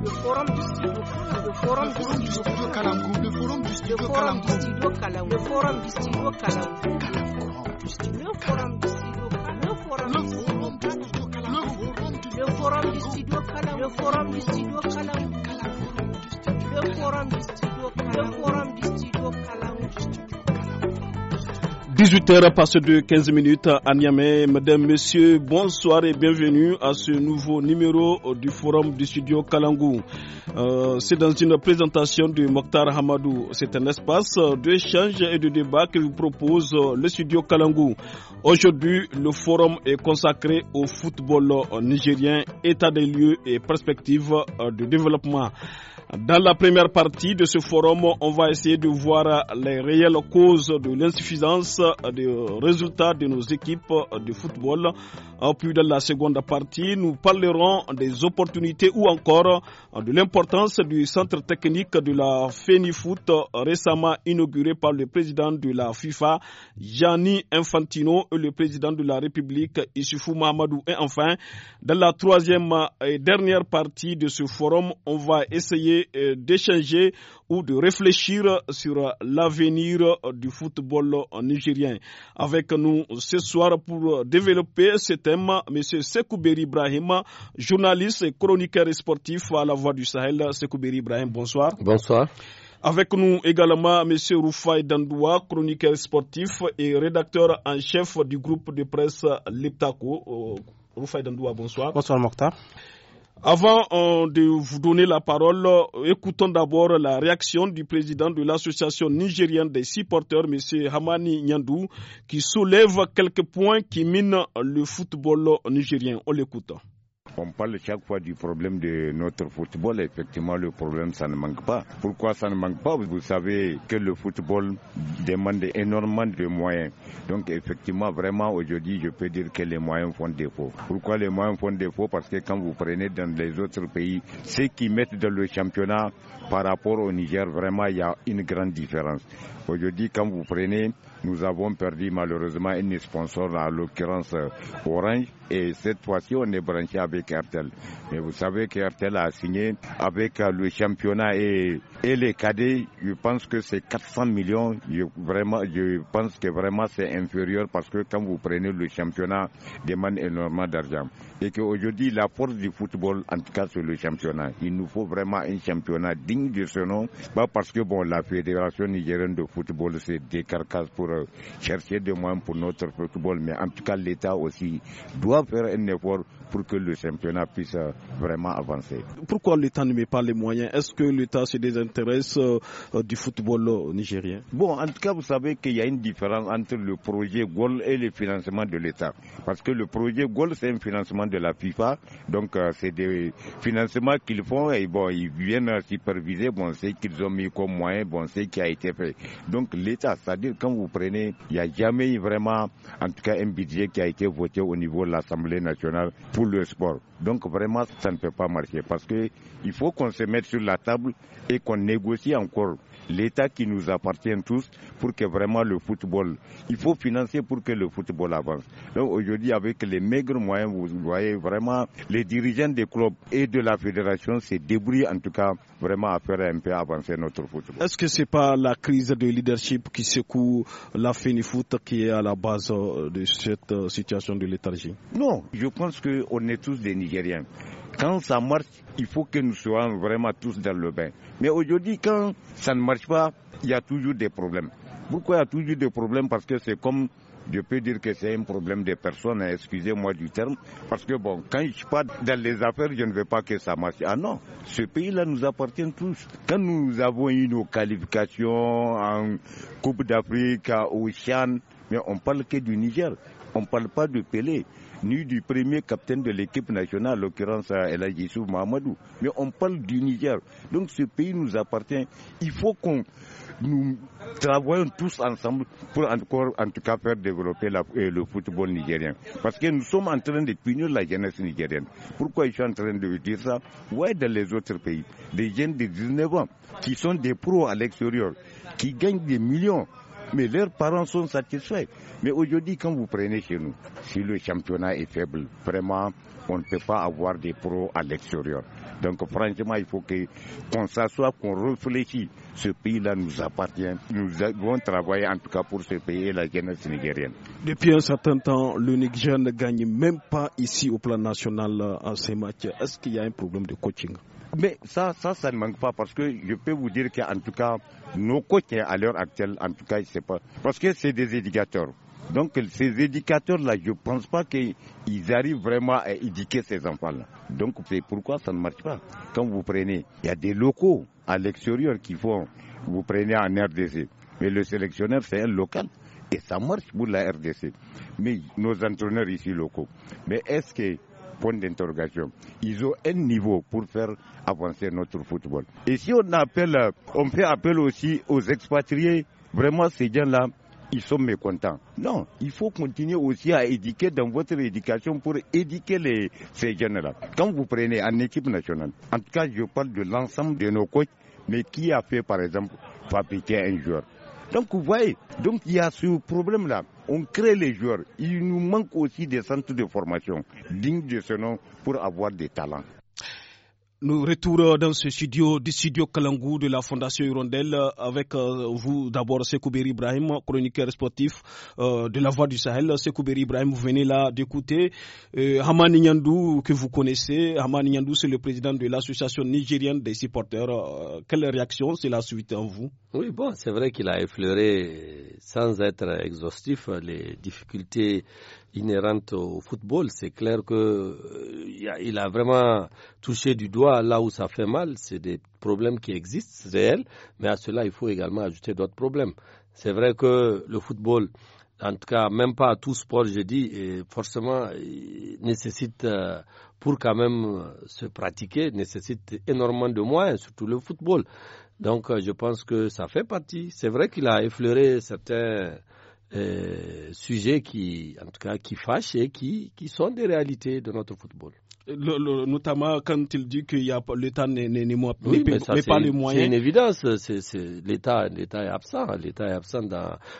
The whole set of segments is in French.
The forum du studio the forum du studio Kalamkou the forum du studio Kalamkou the forum du studio Kalamkou the forum du studio Kalamkou the forum du studio Kalamkou the forum du studio Kalamkou the forum du studio Kalamkou the forum du studio Kalamkou the forum du studio Kalamkou 18h passe de 15 minutes à Niamey. Mesdames, Messieurs, bonsoir et bienvenue à ce nouveau numéro du Forum du Studio Kalangou. Euh, c'est dans une présentation de Mokhtar Hamadou. C'est un espace d'échange et de débat que vous propose le Studio Kalangou. Aujourd'hui, le forum est consacré au football nigérien, état des lieux et perspectives de développement. Dans la première partie de ce forum, on va essayer de voir les réelles causes de l'insuffisance des résultats de nos équipes de football. plus, dans la seconde partie, nous parlerons des opportunités ou encore de l'importance du centre technique de la FENIFOOT récemment inauguré par le président de la FIFA, Gianni Infantino, et le président de la République, Issoufou Mahamadou. Et enfin, dans la troisième et dernière partie de ce forum, on va essayer d'échanger ou de réfléchir sur l'avenir du football nigérien. Avec nous ce soir pour développer ce thème, M. Sekouberi Ibrahim, journaliste et chroniqueur sportif à la Voix du Sahel. Sekouberi Ibrahim, bonsoir. Bonsoir. Avec nous également M. Roufaï Dandoua, chroniqueur sportif et rédacteur en chef du groupe de presse Liptako. Euh, Roufaï Dandoua, bonsoir. Bonsoir Mokhtar. Avant euh, de vous donner la parole, euh, écoutons d'abord la réaction du président de l'association nigérienne des supporters, porteurs, M. Hamani Nyandou, qui soulève quelques points qui minent le football nigérien. On l'écoute. On parle chaque fois du problème de notre football. Effectivement, le problème, ça ne manque pas. Pourquoi ça ne manque pas Vous savez que le football demande énormément de moyens. Donc, effectivement, vraiment, aujourd'hui, je peux dire que les moyens font défaut. Pourquoi les moyens font défaut Parce que quand vous prenez dans les autres pays, ceux qui mettent dans le championnat par rapport au Niger, vraiment, il y a une grande différence. Aujourd'hui, quand vous prenez, nous avons perdu malheureusement une sponsor, en l'occurrence euh, Orange, et cette fois-ci, on est branché avec RTL. Mais vous savez que RTL a signé avec euh, le championnat et, et les cadets, je pense que c'est 400 millions. Je, vraiment, je pense que vraiment c'est inférieur parce que quand vous prenez le championnat, demande énormément d'argent. Et qu'aujourd'hui, la force du football, en tout cas sur le championnat, il nous faut vraiment un championnat digne de ce nom, parce que bon, la Fédération nigérienne de football football des carcasses pour euh, chercher des moyens pour notre football. Mais en tout cas, l'État aussi doit faire un effort pour que le championnat puisse euh, vraiment avancer. Pourquoi l'État ne met pas les moyens Est-ce que l'État se désintéresse euh, du football euh, nigérien Bon, en tout cas, vous savez qu'il y a une différence entre le projet Gol et le financement de l'État. Parce que le projet Gol, c'est un financement de la FIFA. Donc, c'est des financements qu'ils font et ils viennent superviser bon, ce qu'ils ont mis comme moyen, bon, ce qui a été fait. Donc, l'État, c'est-à-dire quand vous prenez, il n'y a jamais vraiment, en tout cas, un budget qui a été voté au niveau de l'Assemblée nationale pour le sport. Donc vraiment, ça ne peut pas marcher parce qu'il faut qu'on se mette sur la table et qu'on négocie encore l'État qui nous appartient tous pour que vraiment le football, il faut financer pour que le football avance. Donc aujourd'hui, avec les maigres moyens, vous voyez vraiment les dirigeants des clubs et de la fédération se débrouillent en tout cas vraiment à faire un peu avancer notre football. Est-ce que ce n'est pas la crise de leadership qui secoue la foot qui est à la base euh, de cette euh, situation de léthargie Non, je pense qu'on est tous des Nigériens. Quand ça marche, il faut que nous soyons vraiment tous dans le bain. Mais aujourd'hui, quand ça ne marche pas, il y a toujours des problèmes. Pourquoi il y a toujours des problèmes Parce que c'est comme je peux dire que c'est un problème des personnes, hein, excusez-moi du terme, parce que bon, quand je suis pas dans les affaires, je ne veux pas que ça marche. Ah non, ce pays-là nous appartient tous. Quand nous avons eu nos qualifications en Coupe d'Afrique, au Chan, mais on parle que du Niger, on ne parle pas de Pelé ni du premier capitaine de l'équipe nationale, en l'occurrence euh, El Hadjissou Mahamadou. Mais on parle du Niger. Donc ce pays nous appartient. Il faut qu'on nous travaillons tous ensemble pour encore, en tout cas, faire développer euh, le football nigérien. Parce que nous sommes en train de punir la jeunesse nigérienne. Pourquoi je suis en train de dire ça Ouais, dans les autres pays, des jeunes de 19 ans qui sont des pros à l'extérieur, qui gagnent des millions, mais leurs parents sont satisfaits. Mais aujourd'hui, quand vous prenez chez nous, si le championnat est faible, vraiment, on ne peut pas avoir des pros à l'extérieur. Donc franchement, il faut qu'on s'assoie, qu'on réfléchisse. Ce pays-là nous appartient. Nous devons travailler en tout cas pour ce pays et la jeunesse nigérienne. Depuis un certain temps, le Niger ne gagne même pas ici au plan national en ces matchs. Est-ce qu'il y a un problème de coaching mais ça, ça, ça ne manque pas parce que je peux vous dire qu'en tout cas, nos coachs hein, à l'heure actuelle, en tout cas, ne sais pas. Parce que c'est des éducateurs. Donc ces éducateurs-là, je ne pense pas qu'ils arrivent vraiment à éduquer ces enfants-là. Donc c'est pourquoi ça ne marche pas. Quand vous prenez, il y a des locaux à l'extérieur qui font, vous prenez en RDC, mais le sélectionneur c'est un local. Et ça marche pour la RDC. Mais nos entraîneurs ici locaux. Mais est-ce que point d'interrogation. Ils ont un niveau pour faire avancer notre football. Et si on appelle, euh, on fait appel aussi aux expatriés, vraiment ces gens-là, ils sont mécontents. Non, il faut continuer aussi à éduquer dans votre éducation pour éduquer les, ces jeunes-là. Quand vous prenez une équipe nationale, en tout cas, je parle de l'ensemble de nos coachs, mais qui a fait, par exemple, fabriquer un joueur donc vous voyez, donc il y a ce problème-là. On crée les joueurs. Il nous manque aussi des centres de formation dignes de ce nom pour avoir des talents. Nous retournons dans ce studio du studio Kalangu de la Fondation Hirondelle avec euh, vous d'abord Sekouber Ibrahim, chroniqueur sportif euh, de la Voix du Sahel. Sekouber Ibrahim, vous venez là d'écouter euh, Haman Nyandou que vous connaissez. Haman Nyandou, c'est le président de l'association nigérienne des supporters. Quelle réaction c'est la suite en vous oui, bon, c'est vrai qu'il a effleuré, sans être exhaustif, les difficultés inhérentes au football. C'est clair qu'il euh, a vraiment touché du doigt là où ça fait mal. C'est des problèmes qui existent, réels, mais à cela, il faut également ajouter d'autres problèmes. C'est vrai que le football, en tout cas, même pas tout sport, je dis, forcément, nécessite, euh, pour quand même se pratiquer, nécessite énormément de moyens, surtout le football. Donc, euh, je pense que ça fait partie. C'est vrai qu'il a effleuré certains euh, sujets qui, en tout cas, qui fâchent et qui, qui sont des réalités de notre football notamment quand il dit que l'État n'est oui, pas les moyens. C'est une évidence. L'État est absent. L'État est absent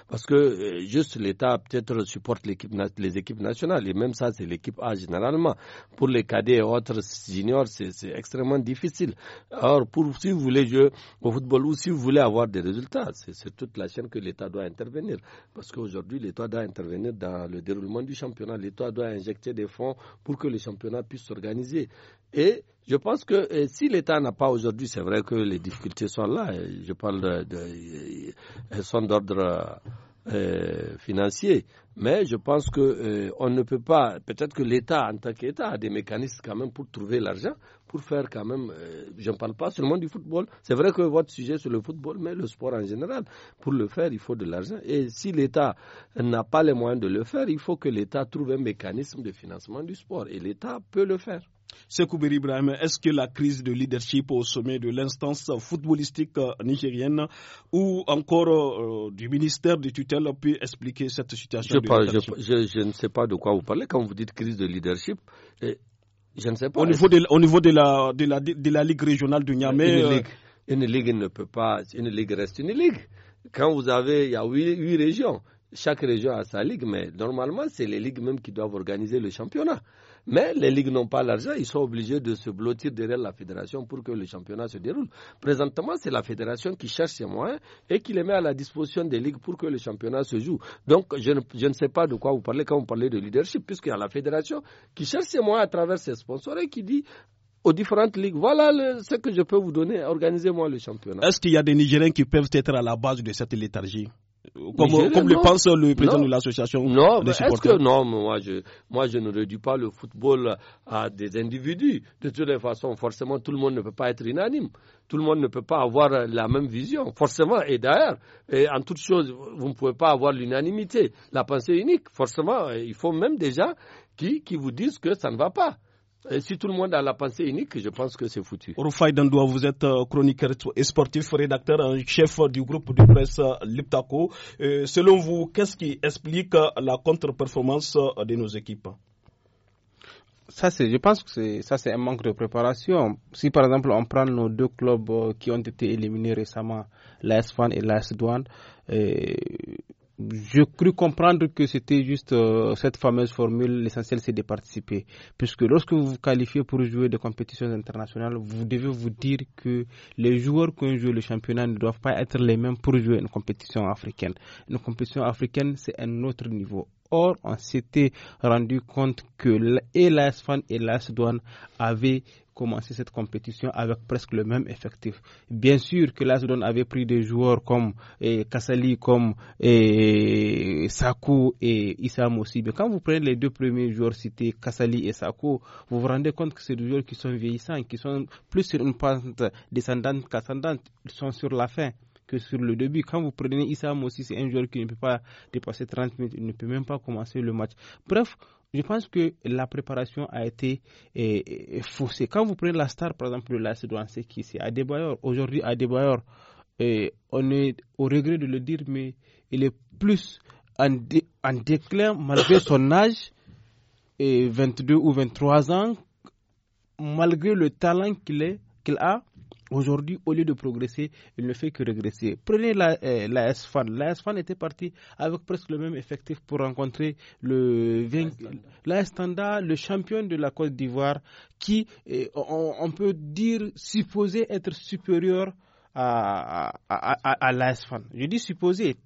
parce que euh, juste l'État peut-être supporte les équipes nationales et même ça, c'est l'équipe A généralement. Pour les cadets et autres juniors, c'est extrêmement difficile. Alors, pour, si vous voulez jouer au football ou si vous voulez avoir des résultats, c'est toute la chaîne que l'État doit intervenir. Parce qu'aujourd'hui, l'État doit intervenir dans le déroulement du championnat. L'État doit injecter des fonds pour que le championnat puisse se et je pense que si l'État n'a pas aujourd'hui, c'est vrai que les difficultés sont là. Je parle de, elles sont d'ordre euh, financier. Mais je pense qu'on euh, ne peut pas. Peut-être que l'État, en tant qu'État, a des mécanismes quand même pour trouver l'argent, pour faire quand même. Euh, je ne parle pas seulement du football. C'est vrai que votre sujet sur le football, mais le sport en général, pour le faire, il faut de l'argent. Et si l'État n'a pas les moyens de le faire, il faut que l'État trouve un mécanisme de financement du sport. Et l'État peut le faire. Sekouber Ibrahim, est-ce que la crise de leadership au sommet de l'instance footballistique euh, nigérienne ou encore euh, du ministère de tutelle peut expliquer cette situation je, de ne sais pas de quoi vous parlez quand vous dites crise de leadership. Euh, je ne sais pas. Au niveau de, la, Ligue régionale du Niamey. Une, ligue, ne peut pas. Une ligue reste une ligue. Quand vous avez. Il y a huit, huit régions. Chaque région a sa ligue, mais normalement, c'est les ligues même qui doivent organiser le championnat. Mais les ligues n'ont pas l'argent, ils sont obligés de se blottir derrière la fédération pour que le championnat se déroule. Présentement, c'est la fédération qui cherche ses moyens et qui les met à la disposition des ligues pour que le championnat se joue. Donc, je ne, sais pas de quoi vous parlez quand vous parlez de leadership, puisqu'il y a la fédération qui cherche ses moyens à travers ses sponsors et qui dit aux différentes ligues. Voilà ce que je peux vous donner. Organisez-moi le championnat. Est-ce qu'il y a des Nigériens qui peuvent être à la base de cette léthargie comme, le pense le président de l'association Non, supporters. non moi, je, moi, je ne réduis pas le football à des individus. De toutes les façons, forcément, tout le monde ne peut pas être unanime. Tout le monde ne peut pas avoir la même vision, forcément. Et d'ailleurs, en toute chose, vous ne pouvez pas avoir l'unanimité, la pensée unique. Forcément, il faut même déjà qui, qui vous disent que ça ne va pas si tout le monde a la pensée unique, je pense que c'est foutu. Rufai Dandoua, vous êtes euh, chroniqueur sportif, rédacteur en chef du groupe de presse euh, Liptako. selon vous, qu'est-ce qui explique euh, la contre-performance de nos équipes ça c'est je pense que ça c'est un manque de préparation si par exemple on prend nos deux clubs qui ont été éliminés récemment l'AS Fan et l'AS Douane je crus comprendre que c'était juste euh, cette fameuse formule, l'essentiel c'est de participer. Puisque lorsque vous vous qualifiez pour jouer des compétitions internationales, vous devez vous dire que les joueurs qui ont joué le championnat ne doivent pas être les mêmes pour jouer une compétition africaine. Une compétition africaine, c'est un autre niveau. Or, on s'était rendu compte que l'ASFAN et l'ASDOAN avaient commencé cette compétition avec presque le même effectif. Bien sûr que la avait pris des joueurs comme eh, Kassali, comme eh, Sakou et Issam aussi. Mais quand vous prenez les deux premiers joueurs cités, Kassali et Sakou, vous vous rendez compte que c'est des joueurs qui sont vieillissants, qui sont plus sur une pente descendante qu'ascendante. Ils sont sur la fin que sur le début. Quand vous prenez Issam aussi, c'est un joueur qui ne peut pas dépasser 30 minutes, il ne peut même pas commencer le match. Bref, je pense que la préparation a été eh, eh, faussée. Quand vous prenez la star, par exemple, de la c'est qui c'est Adebayor, aujourd'hui Adebayor, eh, on est au regret de le dire, mais il est plus en, déclin malgré son âge, 22 eh, ou 23 ans, malgré le talent qu'il qu'il a, Aujourd'hui, au lieu de progresser, il ne fait que régresser. Prenez la, euh, fan fan était parti avec presque le même effectif pour rencontrer le la le champion de la Côte d'Ivoire, qui, euh, on, peut dire, supposé être supérieur à, à, à, Je dis supposé,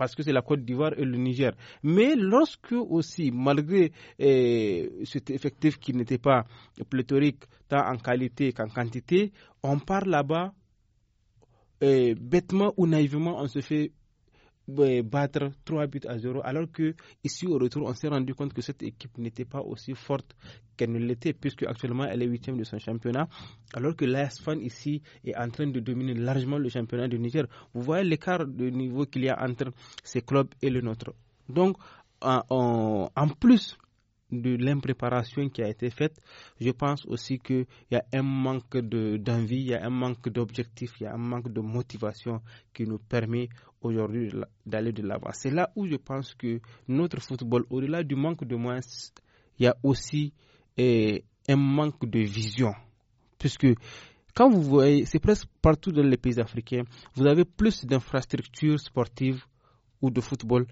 parce que c'est la Côte d'Ivoire et le Niger. Mais lorsque aussi, malgré eh, cet effectif qui n'était pas pléthorique, tant en qualité qu'en quantité, on part là-bas, eh, bêtement ou naïvement, on se fait euh, battre 3 buts à 0, alors que ici au retour, on s'est rendu compte que cette équipe n'était pas aussi forte qu'elle ne l'était, puisque actuellement elle est huitième de son championnat, alors que l'ASFAN ici est en train de dominer largement le championnat du Niger. Vous voyez l'écart de niveau qu'il y a entre ces clubs et le nôtre. Donc, en, en plus, de l'impréparation qui a été faite. Je pense aussi qu'il y a un manque d'envie, il y a un manque d'objectif, il y a un manque de motivation qui nous permet aujourd'hui d'aller de l'avant. C'est là où je pense que notre football, au-delà du manque de moyens, il y a aussi eh, un manque de vision. Puisque quand vous voyez, c'est presque partout dans les pays africains, vous avez plus d'infrastructures sportives ou de football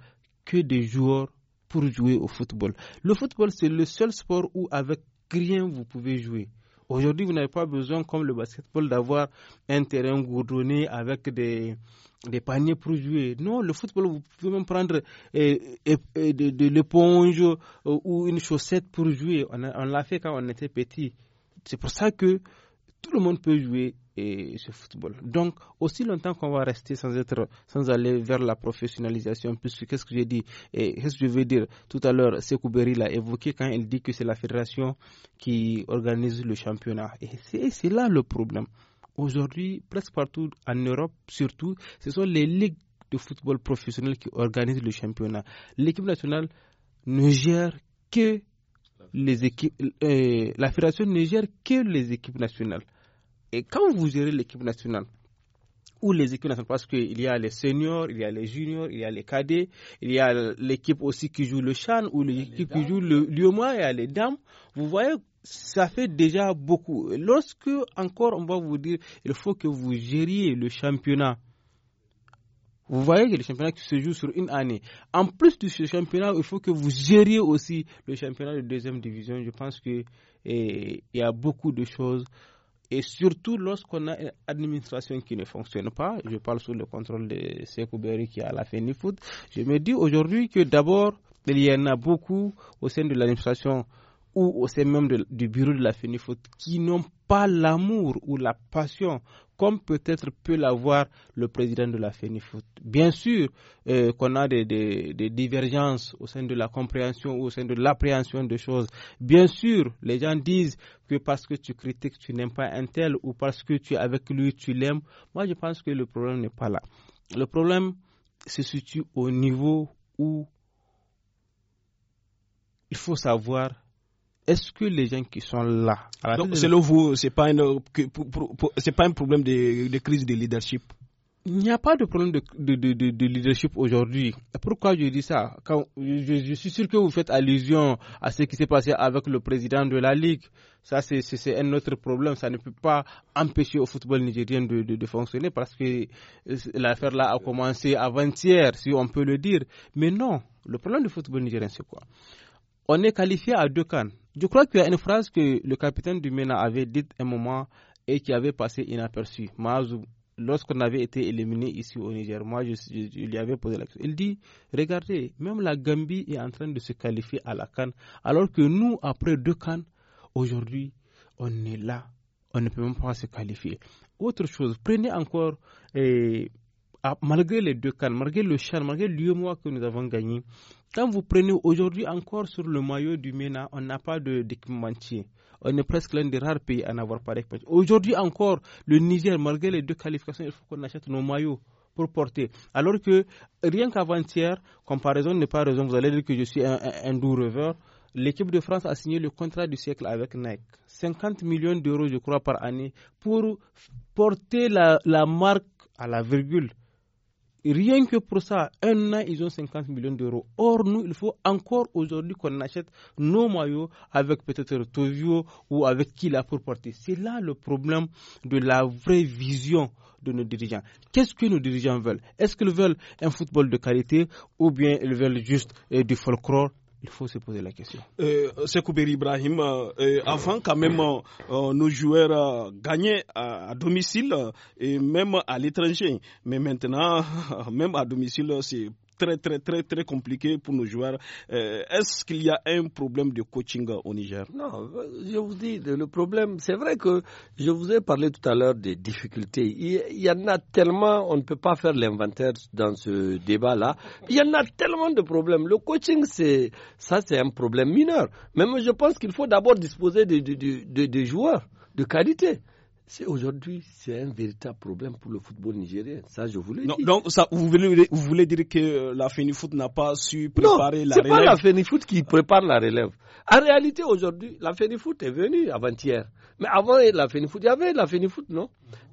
que des joueurs pour jouer au football. Le football, c'est le seul sport où avec rien vous pouvez jouer. Aujourd'hui, vous n'avez pas besoin, comme le basketball, d'avoir un terrain goudronné avec des, des paniers pour jouer. Non, le football, vous pouvez même prendre eh, eh, eh, de, l'éponge euh, ou une chaussette pour jouer. On l'a fait quand on était petit. C'est pour ça que tout le monde peut jouer eh, ce football. Donc, aussi longtemps qu'on va rester sans être, sans aller vers la professionnalisation, puisque qu'est-ce que j'ai dit et eh, qu'est-ce que je veux dire tout à l'heure, Sekou l'a évoqué quand il dit que c'est la fédération qui organise le championnat. Et c'est là le problème. Aujourd'hui, presque partout en Europe, surtout, ce sont les ligues de football professionnel qui organisent le championnat. L'équipe nationale ne gère que les euh, la fédération ne gère que les équipes nationales. Et quand vous gérez l'équipe nationale, ou les équipes nationales, parce qu'il y a les seniors, il y a les juniors, il y a les cadets, il y a l'équipe aussi qui joue le chan, ou l'équipe qui joue le Lyoma, il y a les dames. Vous voyez, ça fait déjà beaucoup. Lorsque, encore, on va vous dire, il faut que vous gériez le championnat vous voyez que le championnat qui se joue sur une année. En plus de ce championnat, il faut que vous gériez aussi le championnat de deuxième division. Je pense qu'il eh, y a beaucoup de choses. Et surtout lorsqu'on a une administration qui ne fonctionne pas, je parle sous le contrôle de Sekou qui est à la FENIFOOT, je me dis aujourd'hui que d'abord, il y en a beaucoup au sein de l'administration ou au sein même du bureau de la FENIFOOT qui n'ont pas l'amour ou la passion comme peut-être peut, l'avoir le président de la FENIFOOT. Bien sûr euh, qu'on a des, des, divergences au sein de la compréhension ou au sein de l'appréhension des choses. Bien sûr, les gens disent que parce que tu critiques, tu n'aimes pas un tel ou parce que tu es avec lui, tu l'aimes. Moi, je pense que le problème n'est pas là. Le problème se situe au niveau où il faut savoir est-ce que les gens qui sont là. Donc, selon vous, ce n'est pas, pas, un problème de, crise de leadership Il n'y a pas de problème de, leadership aujourd'hui. Pourquoi je dis ça je, suis sûr que vous faites allusion à ce qui s'est passé avec le président de la Ligue. Ça, c'est un autre problème. Ça ne peut pas empêcher au football nigérien de, de fonctionner parce que euh, l'affaire-là a commencé avant-hier, si on peut le dire. Mais non, le problème du football nigérien, c'est quoi On est qualifié à deux cannes. Je crois qu'il y a une phrase que le capitaine du MENA avait dite un moment et qui avait passé inaperçue. Mazou, lorsqu'on avait été éliminé ici au Niger, moi je, lui avais posé la question. Il dit Regardez, même la Gambie est en train de se qualifier à la Cannes, alors que nous, après deux Cannes, aujourd'hui, on est là. On ne peut même pas se qualifier. Autre chose, prenez encore. Eh, malgré les deux cannes, malgré le chan, malgré l'UEMOA que nous avons gagné, quand vous prenez aujourd'hui encore sur le maillot du MENA, on n'a pas d'équipementier. On est presque l'un des rares pays à n'avoir pas d'équipementier. Aujourd'hui encore, le Niger, malgré les deux qualifications, il faut qu'on achète nos maillots pour porter. Alors que rien qu'avant-hier, comparaison n'est pas raison. Vous allez dire que je suis un, doux rêveur. L'équipe de France a signé le contrat du siècle avec Nike. 50 millions d'euros, je crois, par année pour porter la marque à la virgule Rien que pour ça, un an, ils ont 50 millions d'euros. Or, nous, il faut encore aujourd'hui qu'on achète nos maillots avec peut-être Tovio ou avec qui l'a pour porter. C'est là le problème de la vraie vision de nos dirigeants. Qu'est-ce que nos dirigeants veulent Est-ce qu'ils veulent un football de qualité ou bien ils veulent juste eh, du folklore il faut se poser la question. Euh, Ibrahim, euh, avant quand même, euh, euh, nos joueurs gagnaient à, domicile et même à l'étranger. Mais maintenant, même à domicile, c'est très, très, très, très compliqué pour nos joueurs. Euh, est-ce qu'il y a un problème de coaching au Niger Non, je vous dis, le problème, c'est vrai que je vous ai parlé tout à l'heure des difficultés. Il y en a tellement, on ne peut pas faire l'inventaire dans ce débat-là. Il y en a tellement de problèmes. Le coaching, c'est ça, c'est un problème mineur. Même je pense qu'il faut d'abord disposer de, de, de, de joueurs de qualité aujourd'hui, c'est un véritable problème pour le football nigérien. Ça, je voulais dire. Donc, vous, voulez, dire que euh, la FENIFOOT n'a pas su préparer la relève Non, pas la FENIFOOT qui prépare la relève. En réalité, aujourd'hui, la FENIFOOT est venue avant-hier. Mais avant la FENIFOOT, il y avait la FENIFOOT, non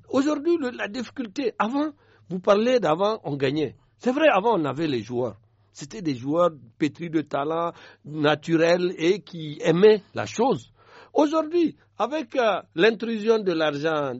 Aujourd'hui, la difficulté, avant, vous parlez d'avant, on gagnait. C'est vrai, avant, on avait les joueurs. C'était des joueurs pétris de talent naturels et qui aimaient la chose. Aujourd'hui, avec euh, l'intrusion de l'argent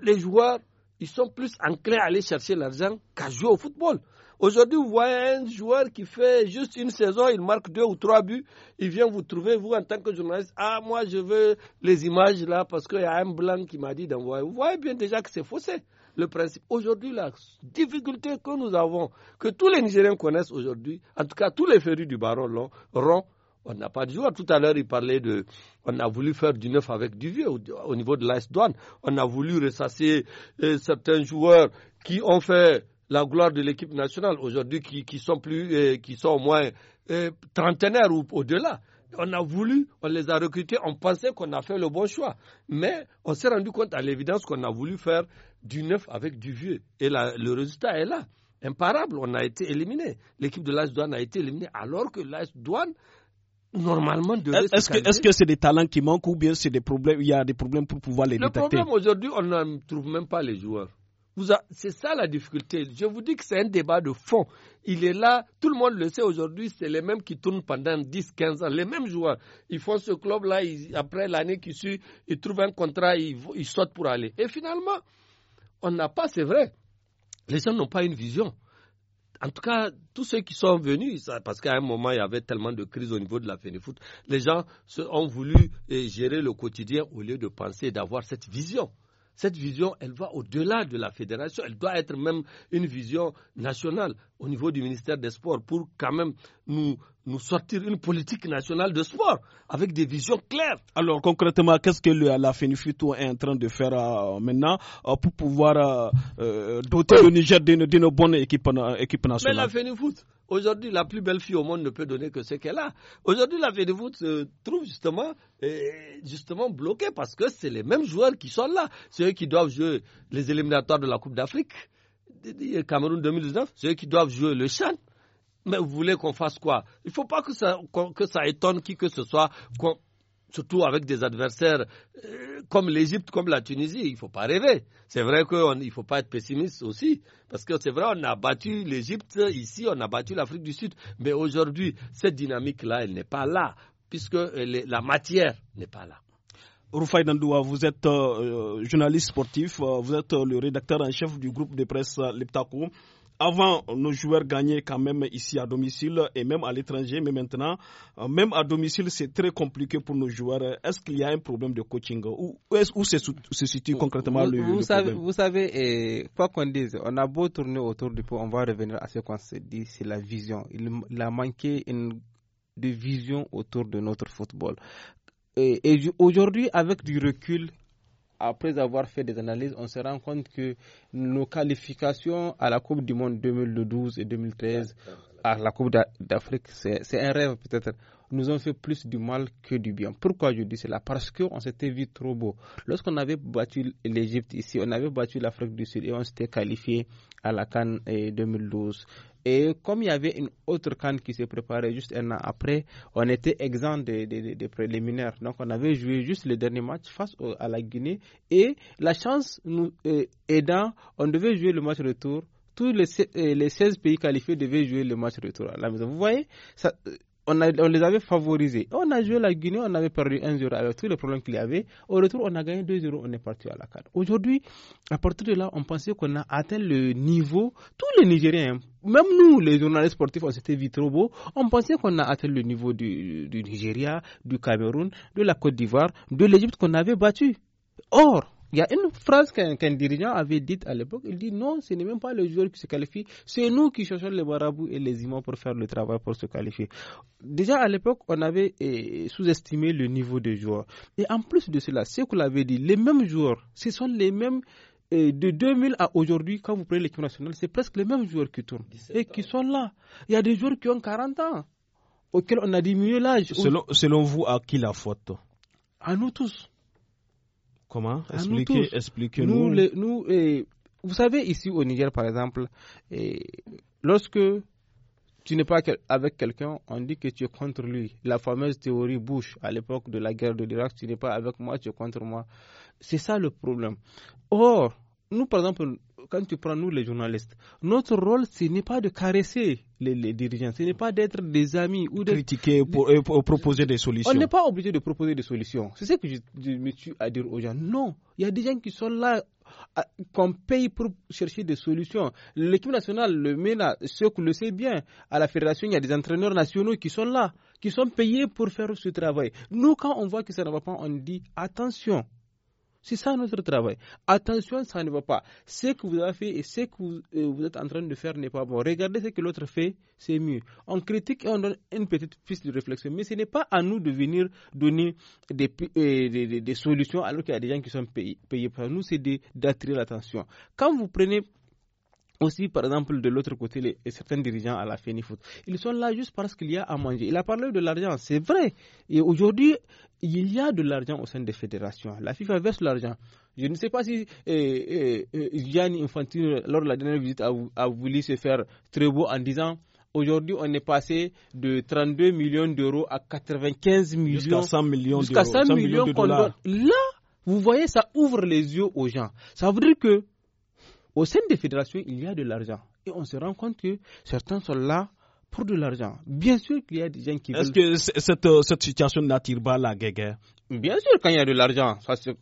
les joueurs, ils sont plus enclins à aller chercher l'argent qu'à jouer au football. Aujourd'hui, vous voyez un joueur qui fait juste une saison, il marque deux ou trois buts, il vient vous trouver, vous, en tant que journaliste, ah, moi, je veux les images là parce qu'il y a un blanc qui m'a dit d'envoyer. Vous voyez bien déjà que c'est faussé, le principe. Aujourd'hui, la difficulté que nous avons, que tous les Nigériens connaissent aujourd'hui, en tout cas, tous les férus du baron rond, on n'a pas du oh, Tout à l'heure, il parlait de. On a voulu faire du neuf avec du vieux au, niveau de l'AS Douane. On a voulu ressasser euh, certains joueurs qui ont fait la gloire de l'équipe nationale aujourd'hui, qui, sont plus, euh, qui sont au moins euh, trentenaires ou au-delà. On a voulu, on les a recrutés, on pensait qu'on a fait le bon choix. Mais on s'est rendu compte à l'évidence qu'on a voulu faire du neuf avec du vieux. Et le résultat est là. Imparable, on a été éliminé. L'équipe de l'AS Douane a été éliminée alors que l'AS Douane normalement de Est-ce que est-ce que c'est des talents qui manquent ou bien c'est des problèmes il y a des problèmes pour pouvoir les détecter Le problème aujourd'hui, on ne trouve même pas les joueurs. C'est ça la difficulté. Je vous dis que c'est un débat de fond. Il est là, tout le monde le sait aujourd'hui, c'est les mêmes qui tournent pendant 10, 15 ans, les mêmes joueurs. Ils font ce club-là, après l'année qui suit, ils trouvent un contrat, ils, sautent pour aller. Et finalement, on n'a pas, c'est vrai, les gens n'ont pas une vision. En tout cas, tous ceux qui sont venus, parce qu'à un moment, il y avait tellement de crises au niveau de la Fénéfoot, les gens ont voulu eh, gérer le quotidien au lieu de penser d'avoir cette vision cette vision, elle va au-delà de la fédération. Elle doit être même une vision nationale au niveau du ministère des Sports pour quand même nous nous sortir une politique nationale de sport avec des visions claires. Alors concrètement, qu'est-ce que la FENIFITO est en train de faire euh, maintenant euh, pour pouvoir euh, doter le Niger d'une bonne équipe, nationale Mais la FENIFOOT, aujourd'hui, la plus belle fille au monde ne peut donner que ce qu'elle a. Aujourd'hui, la FENIFOOT se trouve justement, justement bloquée parce que c'est les mêmes joueurs qui sont là. C'est eux qui doivent jouer les éliminatoires de la Coupe d'Afrique. Cameroun 2019, c'est eux qui doivent jouer le chant. Mais vous voulez qu'on fasse quoi Il ne faut pas que ça, étonne qui que ce soit, surtout avec des adversaires euh, comme l'Égypte, comme la Tunisie. Il ne faut pas rêver. C'est vrai qu'il ne faut pas être pessimiste aussi, parce que c'est vrai, on a battu l'Égypte ici, on a battu l'Afrique du Sud, mais aujourd'hui, cette dynamique-là, elle n'est pas là, puisque la matière n'est pas là. Rufai Dandoua, vous êtes euh, euh, journaliste sportif, euh, vous êtes le rédacteur en chef du groupe de presse Leptaku Avant, nos joueurs gagnaient quand même ici à domicile et même à l'étranger, mais maintenant, même à domicile, c'est très compliqué pour nos joueurs. Est-ce qu'il y a un problème de coaching Où, où se, situe concrètement le, savez, problème Vous savez, quoi qu'on dise, on a beau tourner autour du pot, on va revenir à ce qu'on se dit, c'est la vision. Il, il a manqué une de vision autour de notre football. Et, aujourd'hui, avec du recul, après avoir fait des analyses, on se rend compte que nos qualifications à la Coupe du Monde 2012 et 2013, à la Coupe d'Afrique, c'est un rêve peut-être, nous ont fait plus du mal que du bien. Pourquoi je dis cela Parce qu'on s'était vu trop beau. Lorsqu'on avait battu l'Égypte ici, on avait battu l'Afrique du Sud et on s'était qualifié à la Cannes 2012. Eh, et comme il y avait une autre canne qui se préparait juste un an après, on était exempt des préliminaires. Donc on avait joué juste le dernier match face à la Guinée. Et la chance nous euh, aidant, on devait jouer le match retour tous les, 16 euh, pays qualifiés devaient jouer le match retour à la maison. Vous voyez, ça, euh, on, les avait favorisés. On a joué la Guinée, on avait perdu 1-0 avec tous les problèmes qu'il y avait. Au retour, on a gagné 2-0, on est parti à la carte. Aujourd'hui, à partir de là, on pensait qu'on a atteint le niveau, tous les Nigériens, hein, même nous, les journalistes sportifs, on s'était vite trop beau. On pensait qu'on a atteint le niveau du, du Nigeria, du Cameroun, de la Côte d'Ivoire, de l'Égypte qu'on avait battu. Or, il y a une phrase qu'un dirigeant avait dite à l'époque. Il dit non, ce n'est même pas le joueur qui se qualifie. C'est nous qui cherchons les marabouts et les imams pour faire le travail pour se qualifier. Déjà à l'époque, on avait eh, sous-estimé le niveau des joueurs. Et en plus de cela, ce qu'on avait dit, les mêmes joueurs, ce sont les mêmes eh, de 2000 à aujourd'hui, quand vous prenez l'équipe nationale, c'est presque les mêmes joueurs qui tournent et qui sont là. Il y a des joueurs qui ont 40 ans, auxquels on a diminué l'âge. Selon, selon, vous, à qui la faute À nous tous. Comment expliquez expliquez nous, nous, vous savez, ici au Niger, par exemple, lorsque tu n'es pas avec quelqu'un, on dit que tu es contre lui. La fameuse théorie Bush, à l'époque de la guerre de l'Irak, tu n'es pas avec moi, tu es contre moi. C'est ça le problème. Or, nous, par exemple, quand tu prends nous les journalistes, notre rôle, ce n'est pas de caresser les, dirigeants, ce n'est pas d'être des amis ou de critiquer pour, proposer des solutions. On n'est pas obligé de proposer des solutions. C'est ce que je, me suis à dire aux gens. Non, il y a des gens qui sont là qu'on paye pour chercher des solutions. L'équipe nationale, le MENA, ceux qui le savent bien, à la fédération, il y a des entraîneurs nationaux qui sont là, qui sont payés pour faire ce travail. Nous, quand on voit que ça ne va pas, on dit attention, c'est ça notre travail. Attention, ça ne va pas. Ce que vous avez fait et ce que euh, vous, êtes en train de faire n'est pas bon. Regardez ce que l'autre fait, c'est mieux. On critique et on donne une petite piste de réflexion. Mais ce n'est pas à nous de venir donner des, euh, solutions alors qu'il y a des gens qui sont payés par nous. C'est d'attirer l'attention. Quand vous prenez aussi, par exemple, de l'autre côté, certains dirigeants à la Fénifoot. ils sont là juste parce qu'il y a à manger. Il a parlé de l'argent, c'est vrai. Et aujourd'hui, il y a de l'argent au sein des fédérations. La FIFA verse l'argent. Je ne sais pas si Yann eh, eh, eh, Infantine, Infantino, lors de la dernière visite, a, voulu se faire très beau en disant Aujourd'hui, on est passé de 32 millions d'euros à 95 millions. Jusqu'à 100 millions Jusqu'à 100, millions, Là, vous voyez, ça ouvre les yeux aux gens. Ça veut dire que au sein des fédérations, il y a de l'argent. Et on se rend compte que certains sont là pour de l'argent. Bien sûr qu'il y a des gens qui. Est-ce que cette, euh, cette situation n'attire pas la guerre Bien sûr, quand il y a de l'argent,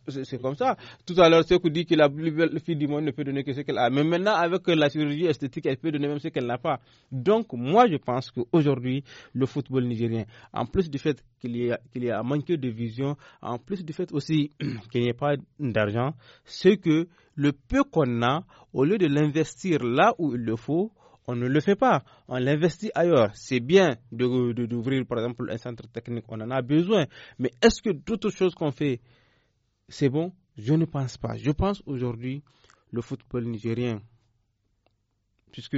c'est comme ça. Tout à l'heure, Sekou dit que la plus belle fille du monde ne peut donner que ce qu'elle a. Mais maintenant, avec euh, la chirurgie esthétique, elle peut donner même ce qu'elle n'a pas. Donc, moi, je pense qu'aujourd'hui, le football nigérien, en plus du fait qu'il y, qu'il y a manqué de vision, en plus du fait aussi qu'il n'y ait pas d'argent, c'est que le peu qu'on a, au lieu de l'investir là où il le faut, on ne le fait pas, on l'investit ailleurs. C'est bien d'ouvrir, de, d'ouvrir par exemple, un centre technique, on en a besoin. Mais est-ce que d'autres choses qu'on fait, c'est bon Je ne pense pas. Je pense aujourd'hui, le football nigérien, puisque